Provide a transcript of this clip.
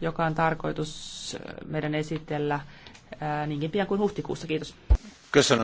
joka on tarkoitus äh, meidän esitellä äh, niinkin pian kuin huhtikuussa. Kiitos.